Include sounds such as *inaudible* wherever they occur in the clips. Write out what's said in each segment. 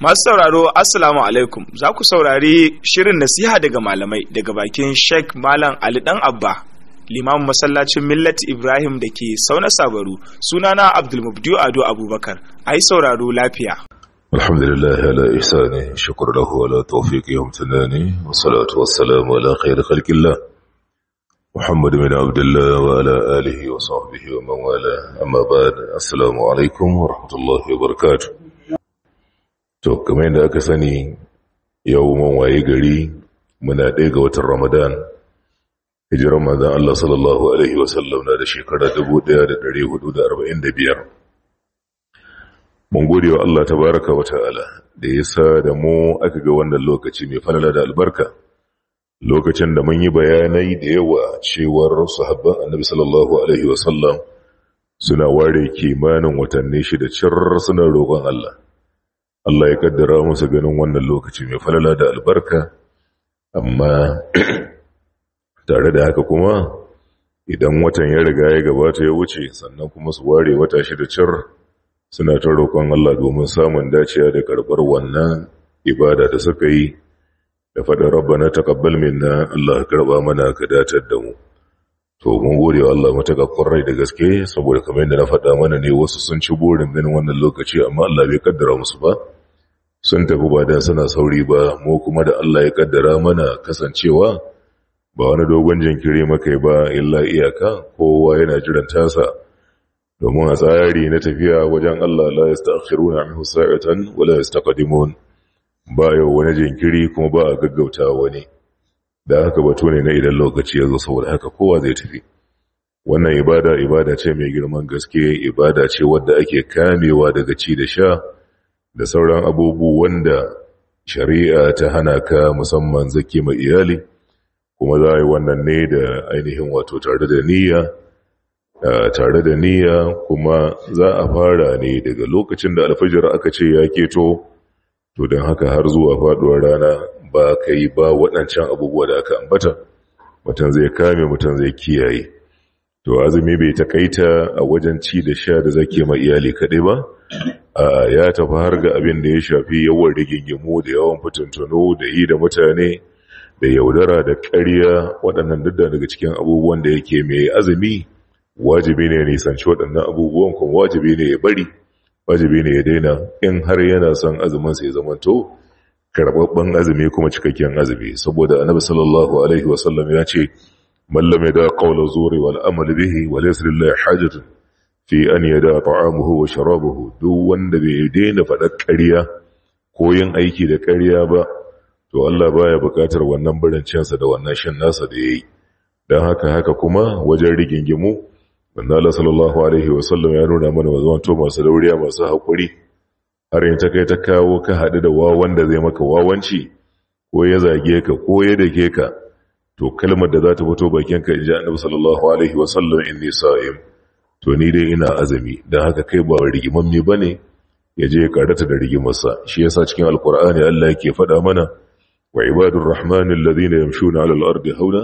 masu sauraro assalamu alaikum za ku saurari shirin nasiha daga malamai daga bakin sheikh malam ali dan abba limamin masallacin millati ibrahim da ke sauna sabaru sunana abdulmubdiyu ado abubakar a yi sauraro lafiya alhamdulillah ala ihsani shukur lahu ala tawfiqi wa mtanani wa salatu wa salamu ala khair khalqillah محمد بن عبد الله وعلى آله وصحبه ومن والاه أما بعد alaikum wa rahmatullahi wa وبركاته To, kamar yadda aka sani yau mun waye gari muna ɗaya ga watan Ramadan, hijiran manzan Allah sallallahu Alaihi wasallam na da shekara 1445. Mun gode wa Allah ta wa ta'ala da ya sa da mu aka ga wannan lokaci mai falala da albarka. Lokacin da mun yi bayanai da yawa cewar sahabban annabi sallallahu Alaihi wasallam suna ware kimanin watanni shida cir suna roƙon Allah. Allah ya kaddara masa ganin wannan lokaci mai falala da albarka amma *clears throat* tare da haka kuma idan watan ya riga ya gabata ya wuce sannan kuma su ware wata shida cir suna ta roƙon Allah domin samun dacewa da karɓar wannan ibada da suka yi da faɗin rabba na minna Allah ya karɓa mana ka datar da mu to mun gode wa Allah mutaka kurrai da gaske saboda kamar yadda na faɗa mana ne wasu sun ci burin ganin wannan lokaci amma Allah bai kaddara musu ba sun tafi ba dan suna sauri ba mu kuma da Allah ya kaddara mana kasancewa ba wani dogon jinkiri makai ba illa iyaka kowa yana jiran tasa domin a tsari na tafiya wajen Allah la yastakhiruna anhu sa'atan wala yastaqdimun ba yau wani jinkiri kuma ba a gaggauta wani da haka bato ne na idan lokaci ya zo saboda haka kowa zai tafi wannan ibada ibada ce mai girman gaske ibada ce wadda ake kamewa daga ci da sha da sauran abubuwan da shari'a ta hana ka musamman zaki mai iyali kuma za a yi wannan ne da ainihin wato tare da niyya tare da niyya kuma za a fara ne daga lokacin da alfajir aka ce ya keto to don haka har zuwa faduwar rana ba ka yi ba waɗancan abubuwa da aka ambata mutum zai kame mutum zai kiyaye to azumi bai takaita a wajen ci da sha da zake ma iyali kaɗai ba a ya tafi har ga abin da ya shafi yawan rigingimu da yawan fitintuno da yi da mutane da yaudara da ƙarya waɗannan duk daga cikin abubuwan da yake mai azumi wajibi ne nisanci waɗannan abubuwan kuma wajibi ne ya bari wajibi ne ya daina in har yana son azumin sai zama to karbabban azumi kuma cikakken azumi saboda annabi sallallahu alaihi wasallam ya ce mallam ya da qawla zuri wal amal bihi wa laysa lillahi hajatun fi an yada ta'amuhu wa sharabuhu duk wanda bai daina faɗa ƙarya ko yin aiki da ƙarya ba to Allah baya buƙatar wannan barin cinsa da wannan shan nasa da yayi dan haka haka kuma wajen rigingimu manzala sallallahu alaihi sallam ya nuna mana mazamanto masu dauriya masu hakuri har yin ta kai ta kawo ka hadu da wawan da zai maka wawanci ko ya zage ka ko ya dake ka to kalmar da za ta fito bakinka ka ji annabi sallallahu alaihi wa sallam in sa'im to ni dai ina azumi dan haka kai ba rigiman ba ne ya je ya karata da rigimarsa shi yasa cikin alkur'ani Allah yake faɗa mana wa ibadur rahmanil ladina yamshuna alal ardi hauna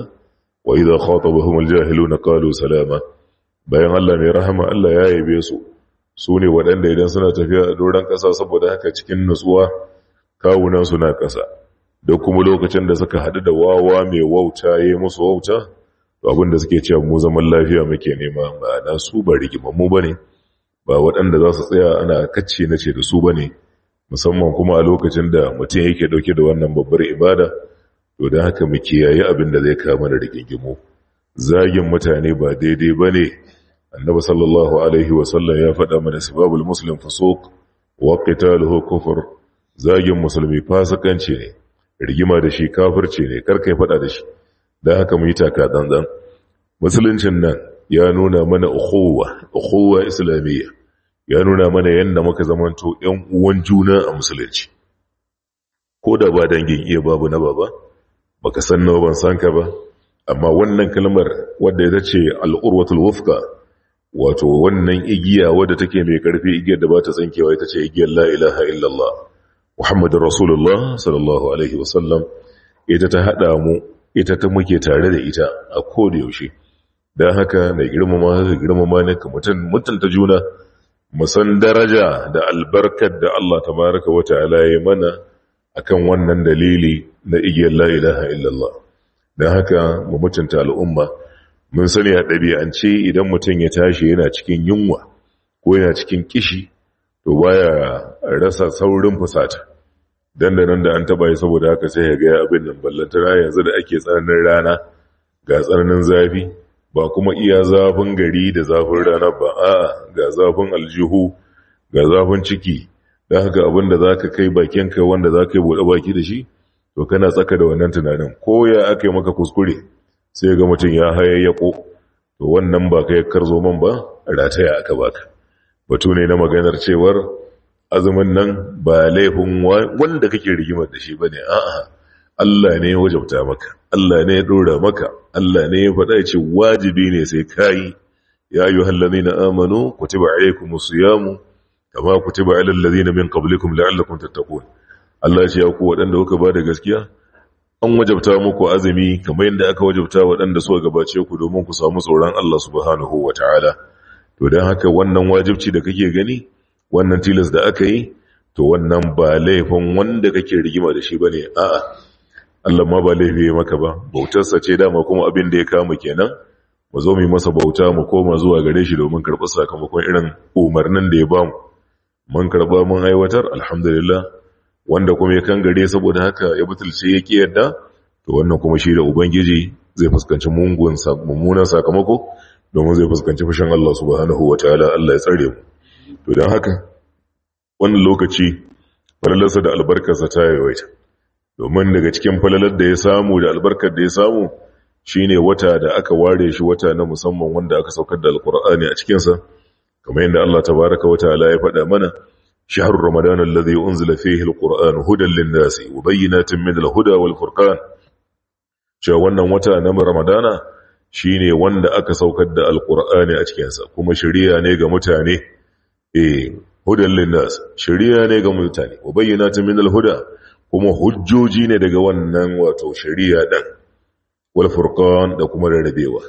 wa idha khatabahum na qalu salama bayan Allah mai rahama Allah ya yabe su su ne waɗanda idan suna tafiya a doron ƙasa saboda haka cikin nutsuwa kawunan suna ƙasa da kuma lokacin da suka haɗu da wawa mai wauta ya yi musu wauta to abinda suke cewa mu zaman lafiya muke nema ma'ana su ba rigimammu ba ne ba waɗanda za su tsaya ana kacce na ce da su ba ne musamman kuma a lokacin da mutum yake ɗauke da wannan babbar ibada to don haka mu kiyaye abin da zai kama da rigingimu zagin mutane ba daidai ba ne annabi sallallahu alaihi wasallam ya faɗa mana sababul muslim fusuq wa qitaluhu kufur zagin musulmi fasikanci ne rigima da shi kafirci ne karka ya faɗa da shi dan haka mu yi taka dandan musuluncin nan ya nuna mana ukhuwa ukhuwa islamiyya ya nuna mana yanda muka zamanto 'yan uwan juna a musulunci ko da ba dangin iya babu na baba baka san nawa ban san ka ba amma wannan kalmar wadda ita ce al'urwatul wufka wato wannan igiya wadda take mai karfi igiyar da ba ta tsankewa ita ce igiyar la'ilaha ilaha illallah muhammadin rasulullah sallallahu alaihi wasallam ita ta haɗa mu ita ta muke tare da ita a koda yaushe don haka mai girmama haka girmama ne ka mutum mutunta juna musan daraja da albarkar da Allah ta wa ta'ala ya mana akan wannan dalili na igiyar la'ilaha ilaha illallah don haka mu mutunta al'umma mun sani a ɗabi'ance idan mutum ya tashi yana cikin yunwa ko yana cikin kishi to baya rasa saurin fusata Dan da nan da an taba yi saboda haka sai ya gaya abin nan yanzu da ake tsananin rana ga tsananin zafi ba kuma iya zafin gari da zafin rana ba a'a ga zafin aljihu ga zafin ciki da haka abin da za ka kai bakinka wanda za ka yi buɗe baki da shi to kana tsaka da wannan tunanin ko ya aka maka kuskure sai ga mutum ya hayayyako to wannan ba kai zo man ba rataya aka baka batu ne na maganar cewar azumin nan ba laifin wanda kake rigimar da shi bane a'a Allah ne ya wajabta maka Allah ne ya dora maka Allah ne ya faɗa ce wajibi ne sai kai ya ayyuhal ladina amanu kutiba alaykumus siyamu kama kutiba alal ladina min qablikum la'allakum tattaqun Allah ce ya ku waɗanda kuka ba da gaskiya an wajabta muku azumi kamar yadda aka wajabta waɗanda suka gabace ku domin ku samu tsoron Allah subhanahu ta'ala. to dan haka wannan wajibci da kake gani wannan tilas da aka yi to wannan ba laifin wanda kake rigima da shi bane a'a Allah ma ba laifi ya maka ba bautarsa ce dama kuma abin da ya kama kenan mu zo mu masa bauta mu koma zuwa gare shi domin karɓar sakamakon irin umarnin da ya ba mu. mun karɓa mun aiwatar alhamdulillah wanda kuma ya kan gare saboda haka ya butulce ya ke yadda to wannan kuma shi da ubangiji zai fuskanci mungun mummunan sakamako domin zai fuskanci fushin Allah subhanahu ta'ala Allah ya tsare mu to dan haka wannan lokaci falalarsa da albarkarsa ta yawaita domin daga cikin falalar da ya samu da albarkar da ya samu shine wata da aka ware shi wata na musamman wanda aka saukar da alkur'ani a cikinsa kamar yadda Allah tabaraka wa ta'ala ya faɗa mana شهر رمضان الذي أنزل فيه القرآن هدى للناس وبينات من الهدى والفرقان شاوانا وتانا رمضان shine wanda aka saukar da alqur'ani a cikin kuma shari'a ne ga mutane eh hudan linnas shari'a ne ga mutane wa bayyinatun min alhuda kuma hujjoji ne daga wannan wato shari'a din wal da kuma rarrabewa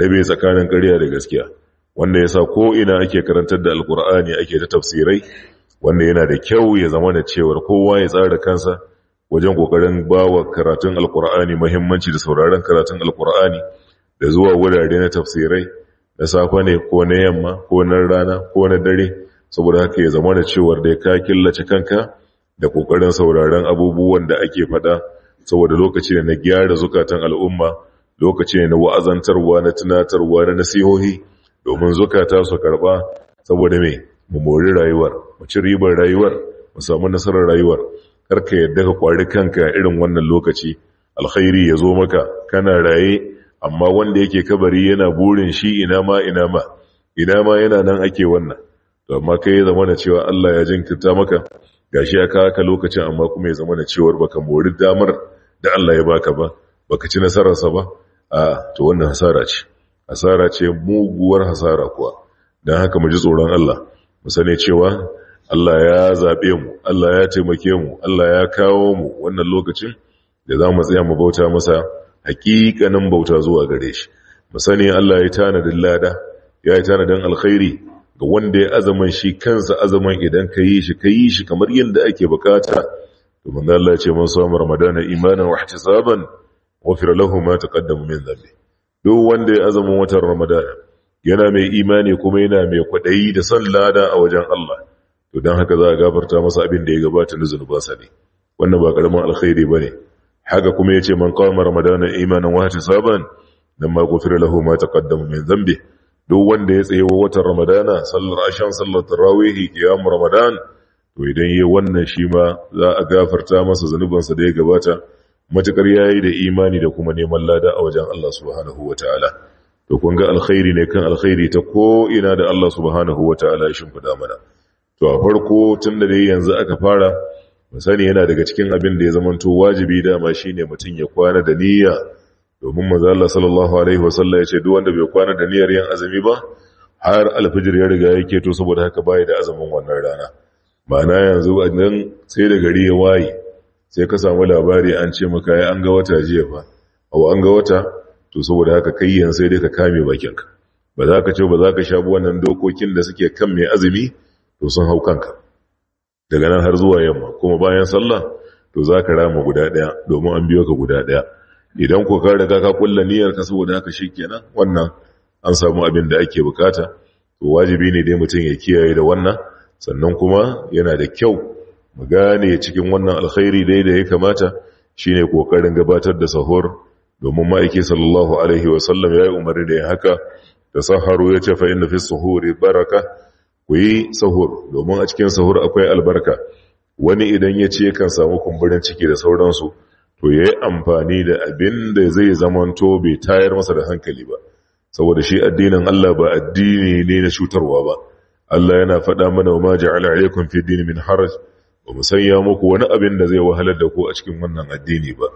rabe tsakanin ƙarya da gaskiya wanda yasa ko ina ake karantar da alqur'ani ake ta tafsirai wanda yana da kyau ya zama da cewar kowa ya tsara kansa wajen kokarin bawa karatun alkur'ani muhimmanci da sauraron karatun alkur'ani da zuwa wurare na tafsirai na safe ne ko na yamma ko na rana ko na dare saboda haka ya zama da cewar da ka killace kanka da kokarin sauraron abubuwan da ake faɗa saboda lokaci ne na gyara zukatan al'umma lokaci ne na wa'azantarwa na tunatarwa na nasihohi domin zukata su karba saboda me mu rayuwar mu ci ribar rayuwar mu samu nasarar rayuwar kar ka yadda ka kwari kanka irin wannan lokaci alkhairi ya zo maka kana raye amma wanda yake kabari yana burin shi ina ma ina ma ina ma yana nan ake wannan to amma kai ya zama da cewa Allah ya jinkirta maka gashi ya kawo ka lokacin amma kuma ya zama da cewa baka mori damar da Allah ya baka ba baka ci nasararsa ba a to wannan hasara ce hasara ce muguwar hasara kuwa don haka mu ji tsoron Allah mu sani cewa Allah ya zaɓe mu Allah ya taimake mu Allah ya kawo mu wannan lokacin da za mu tsaya mu bauta masa hakikanin bauta zuwa gare shi musani Allah ya tanadin lada ya yi tanadin alkhairi ga wanda ya azaman shi kansa azaman idan ka yi shi ka yi shi kamar yadda ake bukata Domin Allah ya ce mun mu ramadana imanan wa ihtisaban wafir lahu ma taqaddama min dhanbi duk wanda ya azamin watan ramadana yana mai imani kuma yana mai kwadayi da son lada a wajen Allah to haka za a gafarta masa abin da ya gabata na zunubansa ne wannan ba karamin alkhairi ba ne haka kuma ya ce man kama ramadana imanin wahati saban nan ma gofir lahu ma taqaddama min zambi duk wanda ya tsaye watan ramadana sallar ashan sallar tarawih qiyam ramadan to idan yayi wannan shi ma za a gafarta masa zanubansa da ya gabata matakar yayi da imani da kuma neman lada a wajen Allah subhanahu wataala to kun ga alkhairi ne kan alkhairi ta ko ina da Allah subhanahu wataala ya shimfida mana to a farko tun da dai yanzu aka fara musani yana daga cikin abin da ya zamanto wajibi dama shine mutum ya kwana da niyya domin manzo Allah sallallahu alaihi wasallam ya ce duk wanda bai kwana da niyyar yin azumi ba har alfijir ya riga yake to saboda haka bai da azumin wannan rana Mana yanzu idan sai da gari ya waye sai ka samu labari an ce maka ya an ga wata jiya fa aw an ga wata to saboda haka kai yanzu sai dai ka kame bakinka ba za ka ce ba za ka shabu wannan dokokin da suke kan mai azumi to sun hau kanka daga nan har zuwa yamma kuma bayan sallah to za ka rama guda ɗaya domin an biyo ka guda ɗaya idan ko ka riga ka kulla niyyar ka saboda haka shi kenan wannan an samu abin da ake bukata to wajibi ne dai mutum ya kiyaye da wannan sannan kuma yana da kyau mu gane cikin wannan alkhairi dai da ya kamata shine kokarin gabatar da sahur domin ma'aiki sallallahu alaihi wa sallam ya yi umarni da ya haka da saharu ya ce fa inna fi suhuri baraka ku yi sahur domin a cikin sahur akwai albarka wani idan ya ce kan samu kumburin ciki da sauransu to ya yi amfani da abin da zai zamanto bai tayar masa da hankali ba saboda shi addinin Allah ba addini ne na cutarwa ba Allah yana faɗa mana wa ja'ala alaikum fi dini min haraj ba mu sanya muku wani abin da zai wahalar da ku a cikin wannan addini ba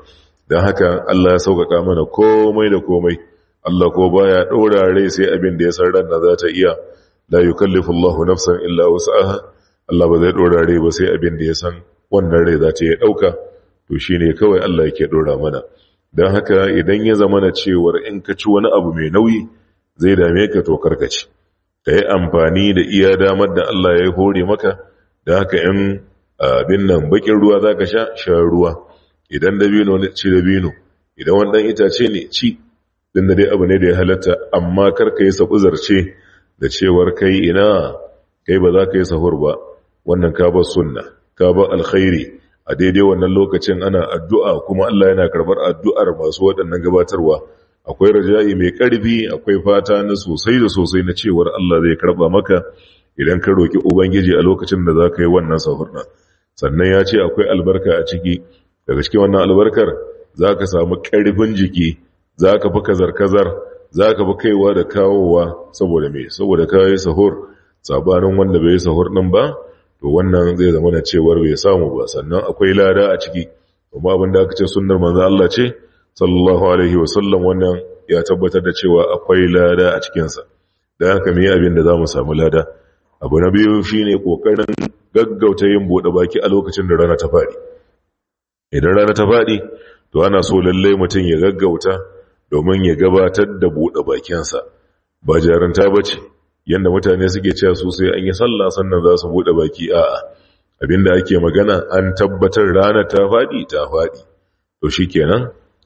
don haka Allah ya sauƙaƙa mana komai da komai Allah ko baya ɗaura rai sai abin da ya san ran za ta iya la yukallifu Allah nafsan illa wus'aha Allah ba zai dora rai ba sai abin da ya san wannan rai za ta ya dauka to shine kawai Allah yake dora mana dan haka idan ya zama na cewar in ka ci wani abu mai nauyi zai dame ka to karkaci ka yi amfani da iya damar da Allah ya hore maka da haka in abin nan bakin ruwa zaka ka sha sha ruwa idan dabino ne ci dabino idan wani ɗan itace ne ci din da dai abu ne da ya halatta amma karka yi zarce da cewar kai ina kai ba za ka yi sahur ba wannan ka ba sunna ka ba alkhairi a daidai wannan lokacin ana addu'a kuma Allah yana karɓar addu'ar masu waɗannan gabatarwa akwai raja'i mai ƙarfi akwai fata na sosai da sosai na cewar Allah zai karɓa maka idan ka roki ubangiji a lokacin da za ka yi wannan sahur na sannan ya ce akwai albarka a ciki daga cikin wannan albarkar za ka samu ƙarfin jiki za ka fi kazar-kazar za ka fi kaiwa da kawowa saboda mai saboda ka yi sahur sabanin wanda bai yi sahur ɗin ba to wannan zai zama na cewar bai samu ba sannan akwai lada a ciki kuma abin da aka ce sunnar manzo Allah ce sallallahu alaihi wa sallam, wannan ya tabbatar da cewa akwai lada a cikin sa da haka me abin da za mu samu lada abu na biyu shine gaggauta yin buɗe baki a lokacin da rana ta faɗi idan rana ta faɗi to ana so lallai mutum ya gaggauta domin ya gabatar da buɗe bakinsa ba jarunta ta yanda yadda mutane suke cewa su sai an yi sallah sannan za su buɗe baki a'a abinda ake magana an tabbatar rana ta faɗi ta faɗi to shikenan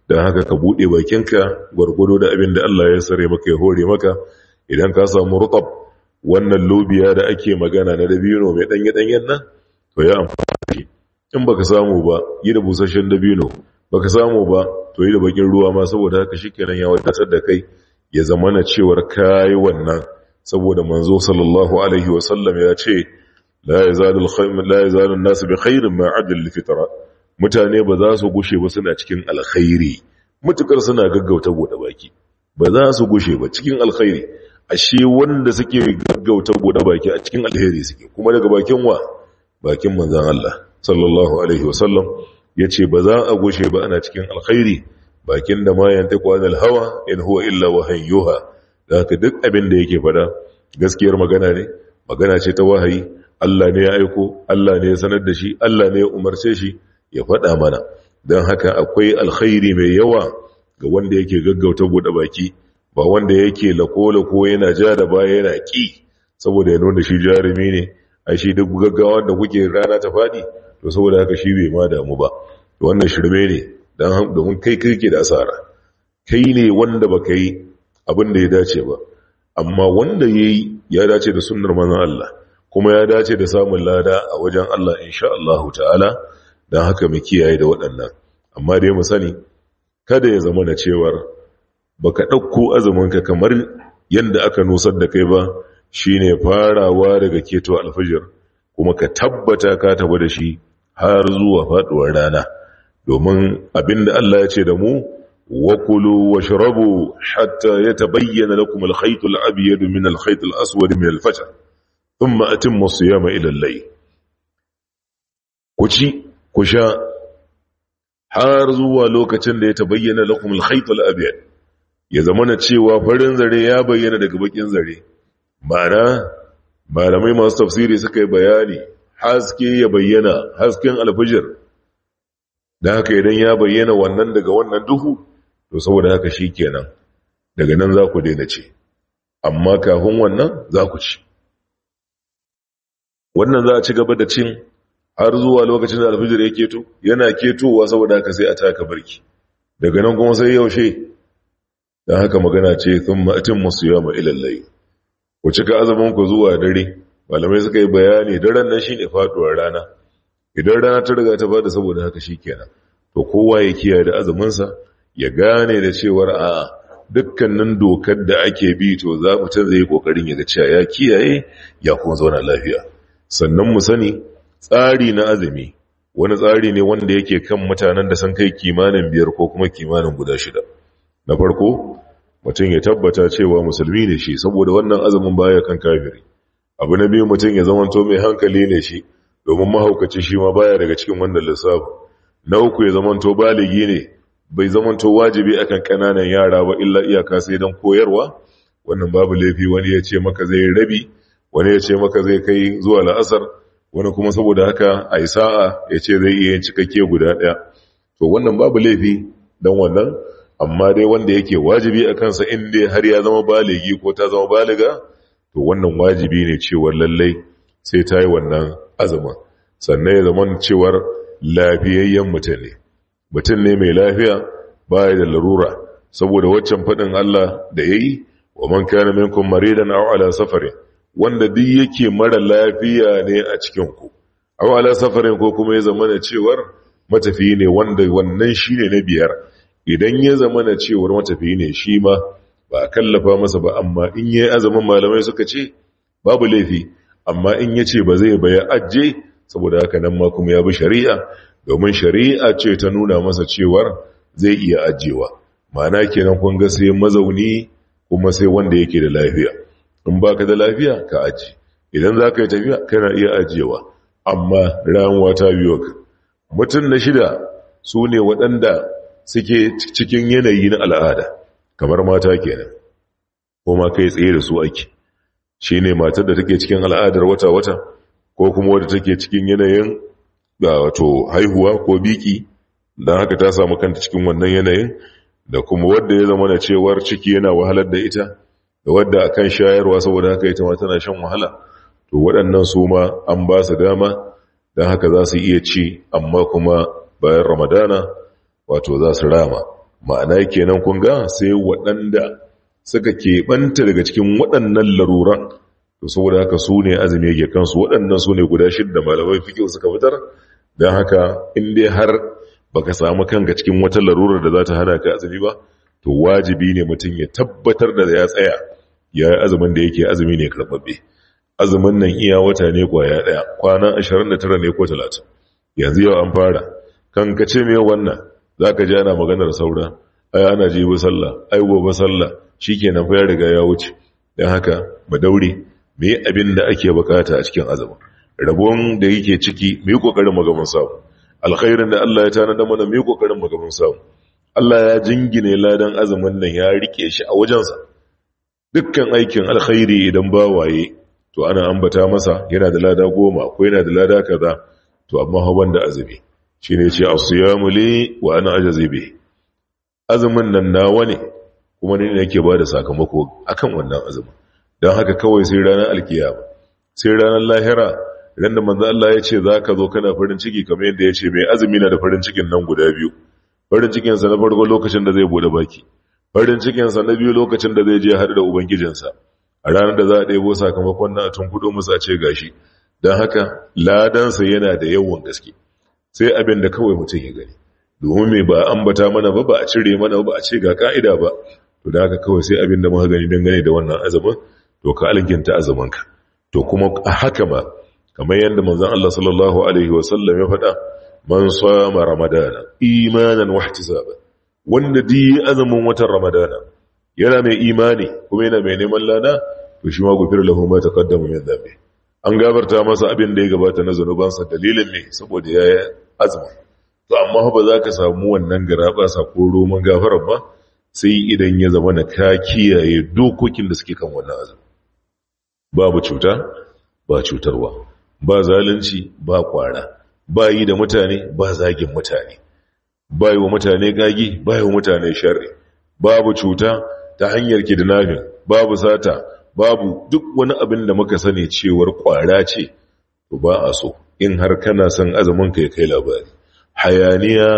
dan haka ka buɗe bakinka gwargwado da abinda Allah ya sare maka ya hore maka idan ka samu rutab wannan lobiya da ake magana na dabino mai ɗanye-ɗanyen nan to ya amfani in baka samu ba yi da busasshen dabino baka samu ba to yi da bakin ruwa ma saboda haka shikenan ya wadatar da kai ya zamana cewar kai wannan saboda manzo sallallahu alaihi wa sallam ya ce la yazalul khayr la yazalun nas bi khairin ma adl fitra mutane ba za su gushe ba suna cikin alkhairi mutukar suna gaggauta goda baki ba za su gushe ba cikin alkhairi ashe wanda suke gaggauta goda baki a cikin alheri suke kuma daga bakin wa bakin manzon Allah sallallahu alaihi wa sallam ya ce ba za a gushe ba ana cikin alkhairi bakin da ma ta kwanan alhawa, in huwa illa wahayin yoha da haka duk abin da yake fada gaskiyar magana ne magana ce ta wahayi Allah ne ya aiko Allah ne ya sanar da shi Allah ne ya umarce shi ya fada mana don haka akwai alkhairi mai yawa ga wanda yake gaggauta bude baki ba wanda yake lako-lako yana ja da baya yana ki saboda ya nuna shi jarumi ne a shi duk gaggawa da kuke rana ta faɗi to saboda haka shi bai ma damu ba wannan shirme ne dan domin kai kirki da asara kai ne wanda baka yi abin da ya dace ba amma wanda yayi ya dace da sunnar manzon Allah kuma ya dace da samun lada a wajen Allah insha Allah ta'ala dan haka mu kiyaye da waɗannan amma dai mu sani kada ya zama na cewar baka ɗauko ka kamar yadda aka nusar da kai ba shine farawa daga keto alfajir kuma ka tabbata ka taba da shi har zuwa faduwar rana domin abinda Allah ya ce da mu wakulu washrabu hatta ya lakum al-khayt al-abyad min al-khayt mai aswad min al-fajr thumma ilallai. ku ci ku sha har zuwa lokacin da ya tabayyana lakum al-khayt al-abyad ya zamana cewa farin zare ya bayyana daga bakin zare ma'ana malamai masu tafsiri suka yi bayani haske ya bayyana hasken alfijir da haka idan ya bayyana wannan daga wannan duhu to saboda haka shi kenan daga nan za ku daina ce amma kafin wannan za ku ci wannan za a ci gaba da cin har zuwa lokacin da alfijir ya keto yana ketowa saboda haka sai a taka barki daga nan kuma sai yaushe Dan haka magana ce sun ma'atin musu yawa ilallai ku cika azamin ku zuwa dare malamai suka yi bayani daren nan shine faduwar rana idan rana ta riga ta bada saboda haka shi kenan. to kowa ya kiyaye da azumin sa ya gane da cewar a dukkanin dokar da ake bi to za mu ta zai kokarin ya ga cewa ya kiyaye ya kuma zauna lafiya sannan mu sani tsari na azumi wani tsari ne wanda yake kan mutanen da san kai kimanin biyar ko kuma kimanin guda shida na farko mutum ya tabbata cewa musulmi ne shi saboda wannan azumin baya kan kafiri abu na biyu mutum ya zamanto mai hankali ne shi domin mahaukaci shi ma baya daga cikin wannan lissafi na uku ya zamanto baligi ne bai zamanto wajibi akan kananan yara ba illa iyaka sai don koyarwa wannan babu laifi wani ya ce maka zai rabi wani ya ce maka zai kai zuwa la'asar wani kuma saboda haka a yi sa'a ya ce zai iya yin cikakke guda ɗaya to wannan babu laifi dan wannan amma dai wanda yake wajibi a kansa inda har ya zama baligi ko ta zama baliga to wannan wajibi ne cewar lallai sai ta yi wannan azumin sannan ya zama cewar lafiyayyen mutum ne mutum ne mai lafiya baya da larura saboda waccan faɗin Allah da ya yi wa man kana minkum maridan aw ala safarin wanda duk yake mara lafiya ne a cikin ku aw ala safari ko kuma ya zama da cewar matafiyi ne wanda wannan shine na biyar idan ya zama da cewar matafiyi ne shi ma ba a kallafa masa ba amma in yi azumin malamai suka ce babu laifi amma in ce ba zai baya ajje saboda haka nan ma kuma ya bi shari'a domin shari'a ce ta nuna masa cewar zai iya ajjewa ma'ana kenan kun ga sai mazauni kuma sai wanda yake da lafiya in ba ka da lafiya ka aji idan za ka yi tafiya kana iya ajiyewa amma ramuwa ta biyo ka mutum na shida su ne waɗanda suke cikin yanayi na al'ada kamar mata kenan ko ma kai tsaye da su ake shine matar da take cikin al'adar wata-wata ko kuma wadda take cikin yanayin da wato haihuwa ko biki don haka ta samu kanta cikin wannan yanayin da kuma wadda ya zama na cewar ciki yana wahalar da ita da wadda a shayarwa saboda haka ita ma tana shan wahala to waɗannan su ma an ba su dama don haka za su iya ci amma kuma bayan ramadana wato za su rama ma'ana kenan kun ga sai waɗanda suka keɓanta daga cikin waɗannan laruran to saboda haka su ne azumi yake kansu waɗannan su ne guda shida malamai fikin suka fitar don haka in dai har baka samu kanka cikin wata larurar da za ta hana ka azumi ba to wajibi ne mutum ya tabbatar da ya tsaya ya yi azumin da yake azumi ne karɓaɓɓe azumin nan iya wata ne kwaya ɗaya kwanan 29 ne ko 30 yanzu yau an fara kan ka ce me wannan za ka ji ana maganar saura ai ana ji ba sallah ai gobe sallah shi ke nan fayar daga riga ya wuce don haka ba daure mai yi abin da ake bukata a cikin azaba rabon da yake ciki mu yi kokarin magaban samu alkhairin da Allah ya tanada mana mai kokarin magaban samu Allah ya jingine ladan azumin nan ya rike shi a wajensa dukkan aikin alkhairi idan ba waye to ana ambata masa yana da lada goma akwai yana da lada kaza to amma hawan da azumi shi ne ce a siyamu wa ana aja azumin nan nawa ne kuma ne yake ba da sakamako akan wannan azumin don haka kawai sai ranar alkiyama sai ranar lahira ran da Allah ya ce za ka zo kana farin ciki kamar yadda ya ce mai azumi na da farin cikin nan guda biyu farin cikinsa na farko lokacin da zai bude baki farin cikinsa na biyu lokacin da zai je hadu da ubangijinsa a ranar da za a ɗebo sakamakon na tun kuɗo musa ce gashi don haka ladansa yana da yawan gaske sai abin da kawai mutum ya gani domin mai ba ambata mana ba ba a cire mana ba a ce ga ka'ida ba to da haka kawai sai abin da muka gani dangane da wannan azumin to ka alkinta azuminka to kuma a haka ma kamar yadda manzon Allah sallallahu alaihi wasallam ya faɗa man sama ramadana imanan wahtisaba wanda di azumin watan ramadana yana mai imani kuma yana mai neman lana? to shi ma gufir lahu ma taqaddama min zaɓe. an gabarta masa abin da ya gabata na zanubansa dalilin ne saboda ya azumi to amma ba za ka samu wannan sa ko roman gafarar ba sai idan ya zama na ka kiyaye dokokin da suke kan wannan azumi babu cuta ba cutarwa ba zalunci ba kwara ba yi da mutane ba zagin mutane ba yi wa mutane gagi ba yi wa mutane sharri babu cuta ta hanyar kidnapping babu sata babu duk wani abin da muka sani cewar kwara ce ba a so in har kana son azumin ka ya kai labari hayaniya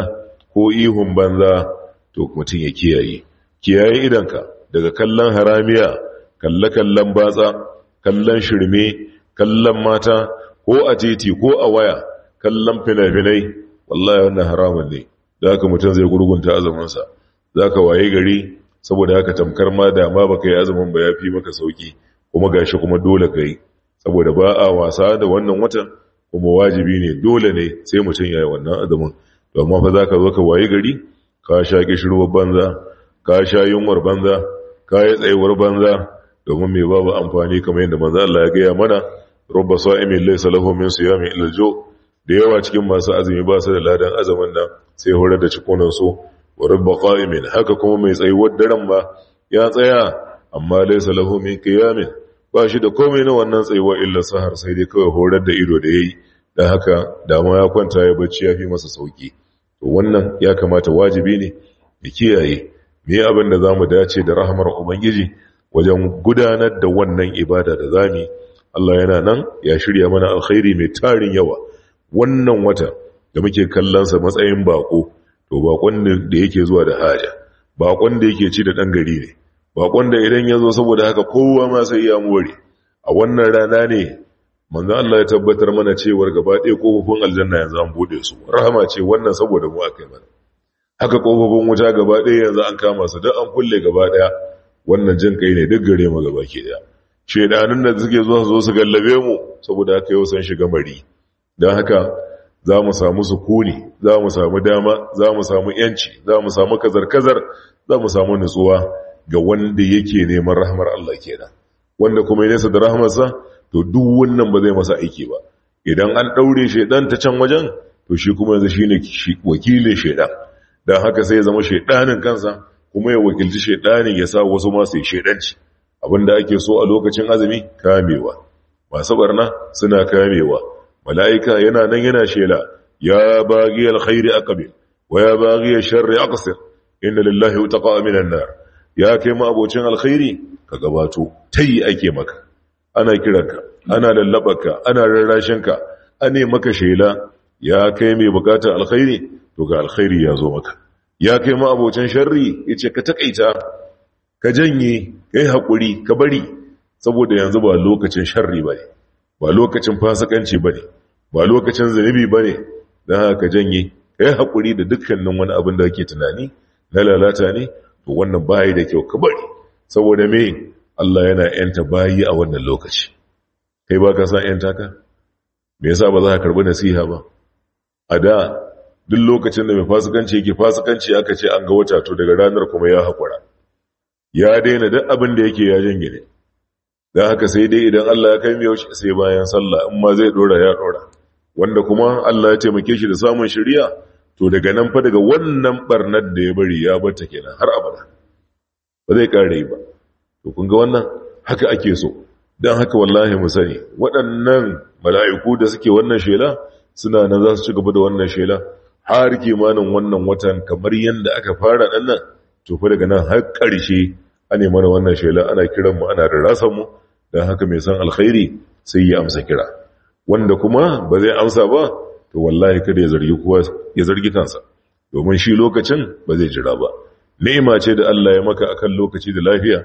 ko ihun banza to mutum ya kiyaye kiyaye ka. daga kallon haramiya kalle kallon batsa kallon shirme kallon mata ko a titi ko a waya kallon fina-finai wallahi wannan haramun ne da haka mutum zai gurgunta azuminsa za ka waye gari saboda haka tamkar ma dama ba ka yi azumin ba ya fi maka sauki kuma gashi kuma dole ka yi saboda ba a wasa da wannan watan kuma wajibi ne dole ne sai mutum ya yi wannan azumin to amma fa zaka zo ka wayi gari ka sha kishirwar banza ka sha yunwar banza ka yi tsayuwar banza domin me babu amfani kamar yadda manzo Allah ya gaya mana rubba sa'imin laysa lahu min siyami illa jo da yawa cikin masu azumi ba su da ladan azumin nan sai horar da cikunan su wa rubba qa'imin haka kuma mai tsayuwar daren ba ya tsaya amma laysa lahu min qiyamin ba shi da komai na wannan tsayuwa illa sahar sai dai kawai horar da ido da yayi dan haka dama ya kwanta ya bacci ya fi masa sauki to wannan ya kamata wajibi ne mu kiyaye me abin da zamu dace da rahmar ubangiji wajen gudanar da wannan ibada da zamu Allah yana nan ya shirya mana alkhairi mai tarin yawa wannan wata da muke kallon sa matsayin bako to bakon da yake zuwa da haja bakon da yake ci da dan gari ne bakon da idan ya zo saboda haka kowa ma sai ya more a wannan rana ne manzo Allah ya tabbatar mana cewar gaba ɗaya kofofin aljanna yanzu an bude su rahama ce wannan saboda mu akai mana haka kofofin wuta gaba ɗaya yanzu an kama su duk an kulle gaba ɗaya wannan jin kai ne duk gare mu gaba ke da shedanun da suke zuwa zo su gallabe mu saboda haka yau san shiga mari don haka za mu samu sukuni za mu samu dama za mu samu yanci za mu samu kazar-kazar za mu samu nutsuwa ga wanda yake neman rahmar Allah kenan wanda kuma ya nesa da rahmarsa to duk wannan ba zai masa aiki ba idan an ɗaure shedan ta can wajen to shi kuma yanzu shine wakilin shedan dan haka sai ya zama shedanin kansa kuma ya wakilci shedanin ya sa wasu masu su yi shedanci abinda ake so a lokacin azumi kamewa masu barna suna kamewa mala'ika yana nan yana shela ya bagiyar khairi aqbil wa ya bagiyar sharri aqsir inna lillahi wuta taqa'a minan nar ya kai ma abocin alkhairi ka gabato tayi ake maka ana kiranka ana lallabarka ana rarrashinka ane maka shela ya kai mai bukatar alkhairi to ga alkhairi ya zo maka ya kai ma abocin sharri yace ka takaita ka janye kai hakuri ka bari saboda yanzu ba lokacin sharri bane ba lokacin fasikanci bane ba lokacin zunubi bane dan haka janye kai hakuri da dukkanin wani abin da kake tunani na lalata ne to wannan bayi da kyau ka bari saboda me Allah yana yanta bayi a wannan lokaci kai ba ka san yanta ka me yasa ba za ka karbi nasiha ba a da duk lokacin da mai fasikanci yake fasikanci aka ce an ga wata to daga ranar kuma ya hakura ya daina duk abin da yake ya jingine da haka sai dai idan Allah ya kai mai yaushe sai bayan sallah in ma zai dora ya dora wanda kuma Allah ya taimake shi da samun shari'a to daga nan fa daga wannan barnar da ya bari ya bata kenan har abada ba zai kare ba to kun ga wannan haka ake so don haka wallahi mu sani waɗannan mala'iku da suke wannan shela suna nan za su ci gaba da wannan shela har kimanin wannan watan kamar yadda aka fara ɗan nan to fa daga nan har ƙarshe ne mana wannan shela ana kiranmu ana rarrasa mu don haka mai san alkhairi sai ya amsa kira wanda kuma ba zai amsa ba to wallahi kada ya zargi kowa ya zargi kansa domin shi lokacin ba zai jira ba ni'ima ce da Allah ya maka akan lokaci da lafiya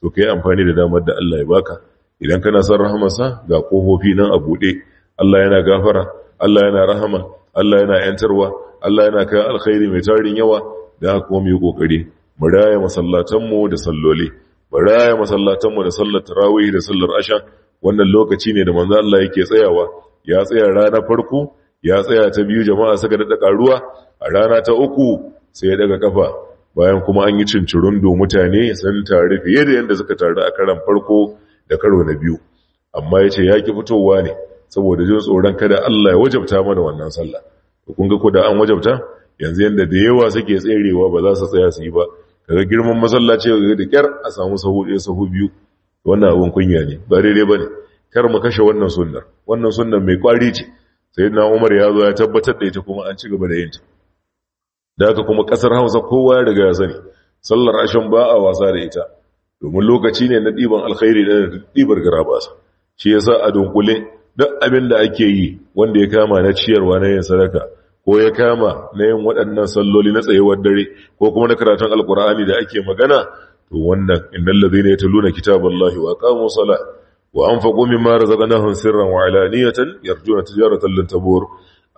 to kai amfani da damar da Allah ya baka idan kana son rahamarsa ga kofofi nan a bude Allah yana gafara Allah yana rahama Allah yana yantarwa Allah yana kai alkhairi mai tarin yawa da haka kuma mu yi kokari mu raya masallatan mu da salloli mu raya masallatan mu da sallar tarawih da sallar asha wannan lokaci ne da manzo Allah yake tsayawa ya tsaya ranar farko ya tsaya ta biyu jama'a suka daɗa ƙaruwa a rana ta uku sai ya daga kafa bayan kuma an yi do mutane sun tare fiye da yadda suka taru a karan farko da karo na biyu amma ya ce ya ki fitowa ne saboda jin tsoron kada Allah ya wajabta mana wannan sallah kun ga ko da an wajabta yanzu yadda da yawa suke tserewa ba za su tsaya su yi ba kaga girman masallaci ga da kyar a samu sahu ɗaya sahu biyu wannan abin kunya ne ba daidai ba ne kar mu kashe wannan sunnar wannan sunnar mai kwari ce sai na umar ya zo ya tabbatar da ita kuma an ci gaba da yinta da haka kuma kasar hausa kowa ya riga ya sani sallar ashen ba a wasa da ita domin lokaci ne na ɗiban alkhairi da ɗibar garabasa shi yasa a dunkule duk abin da ake yi wanda ya kama na ciyarwa na yin sadaka ko ya kama na yin waɗannan salloli na tsayuwar dare ko kuma na karatun alkur'ani da ake magana to wannan innal ladhina yatluna kitaballahi wa aqamu salat wa anfaqu mimma razaqnahum sirran wa alaniyatan yarjuna tijaratan lan tabur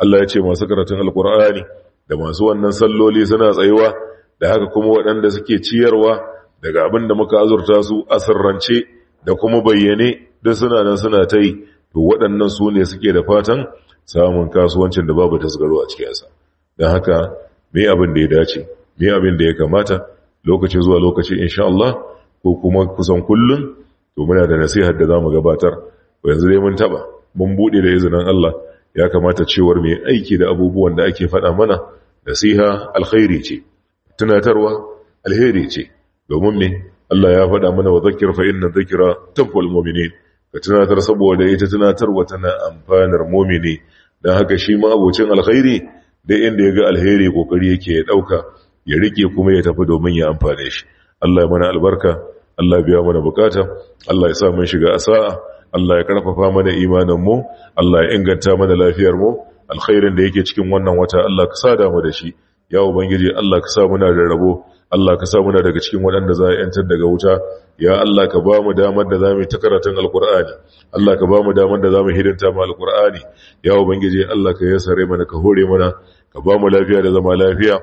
Allah ya ce masu karatun alqur'ani da masu wannan salloli suna tsayuwa da haka kuma waɗanda suke ciyarwa daga abin da muka azurta su a sirrance da kuma bayyane duk suna nan suna ta yi to waɗannan su ne suke da fatan samun kasuwancin da babu zgaro a cikinsa don haka me abin da ya dace me abin da ya kamata lokaci zuwa lokaci insha Allah ko kuma kusan kullum to muna da nasihar da zamu gabatar yanzu dai mun taba mun bude da izinin Allah ya kamata cewar mai aiki da abubuwan da ake faɗa mana nasiha alkhairi ce tunatarwa alheri ce domin me Allah ya faɗa mana wa zakir fa inna dhikra tanfa'ul mu'minin ka tunatar saboda ita tunatarwa tana amfanar mu'mini dan haka shi ma abocin alkhairi da inda ya ga alheri kokari yake ya dauka ya rike kuma ya tafi domin ya amfane shi Allah ya mana albarka Allah biya mana bukata Allah ya sa mun shiga asa'a Allah ya karfafa mana imanin mu Allah ya inganta mana lafiyar mu alkhairin da yake cikin wannan wata Allah ka sa damu da shi ya ubangiji Allah ka sa muna da rabo Allah ka sa muna daga cikin waɗanda za a yantar daga wuta ya Allah ka ba mu damar da za mu ta karatun alkur'ani Allah ka ba mu damar da za mu hidinta ma alkur'ani ya ubangiji Allah ka yasare mana ka hore mana ka ba mu lafiya da zama lafiya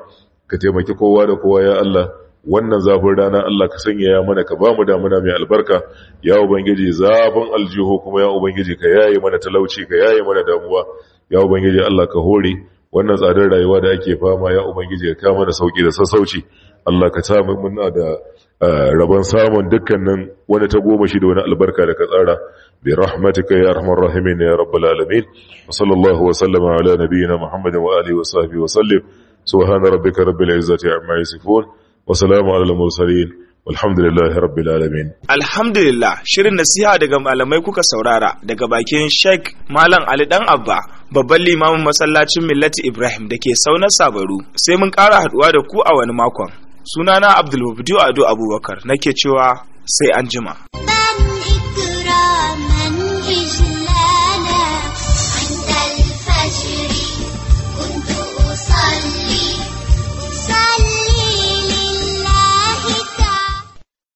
ka taimaki kowa da kowa ya Allah wannan zafin rana Allah ka sanya ya mana ka ba mu damuna mai albarka ya ubangiji zafin aljihu kuma ya ubangiji ka yaye mana talauci ka yaye mana damuwa ya ubangiji Allah ka hore wannan tsadar rayuwa da ake fama ya ubangiji ka mana sauki da sassauci Allah ka ta muna da eh, rabon samun dukkanin wani ta goma shi da wani albarka da ka tsara bi rahmatika ya arhamar rahimin ya rabbal alamin sallallahu wa sallama ala nabiyyina muhammadin wa alihi wa sahbihi wa sallim subhana rabbika rabbil izzati amma yasifun wasalamu ala mursalin alhamdulillah rabbil alamin alhamdulillah shirin nasiha daga malamai kuka saurara daga bakin sheik malam ali dan abba babban limamin masallacin millati ibrahim da ke saunar sabaru sai mun ƙara haɗuwa da ku a wani makon sunana abdul ado abubakar nake cewa sai an jima.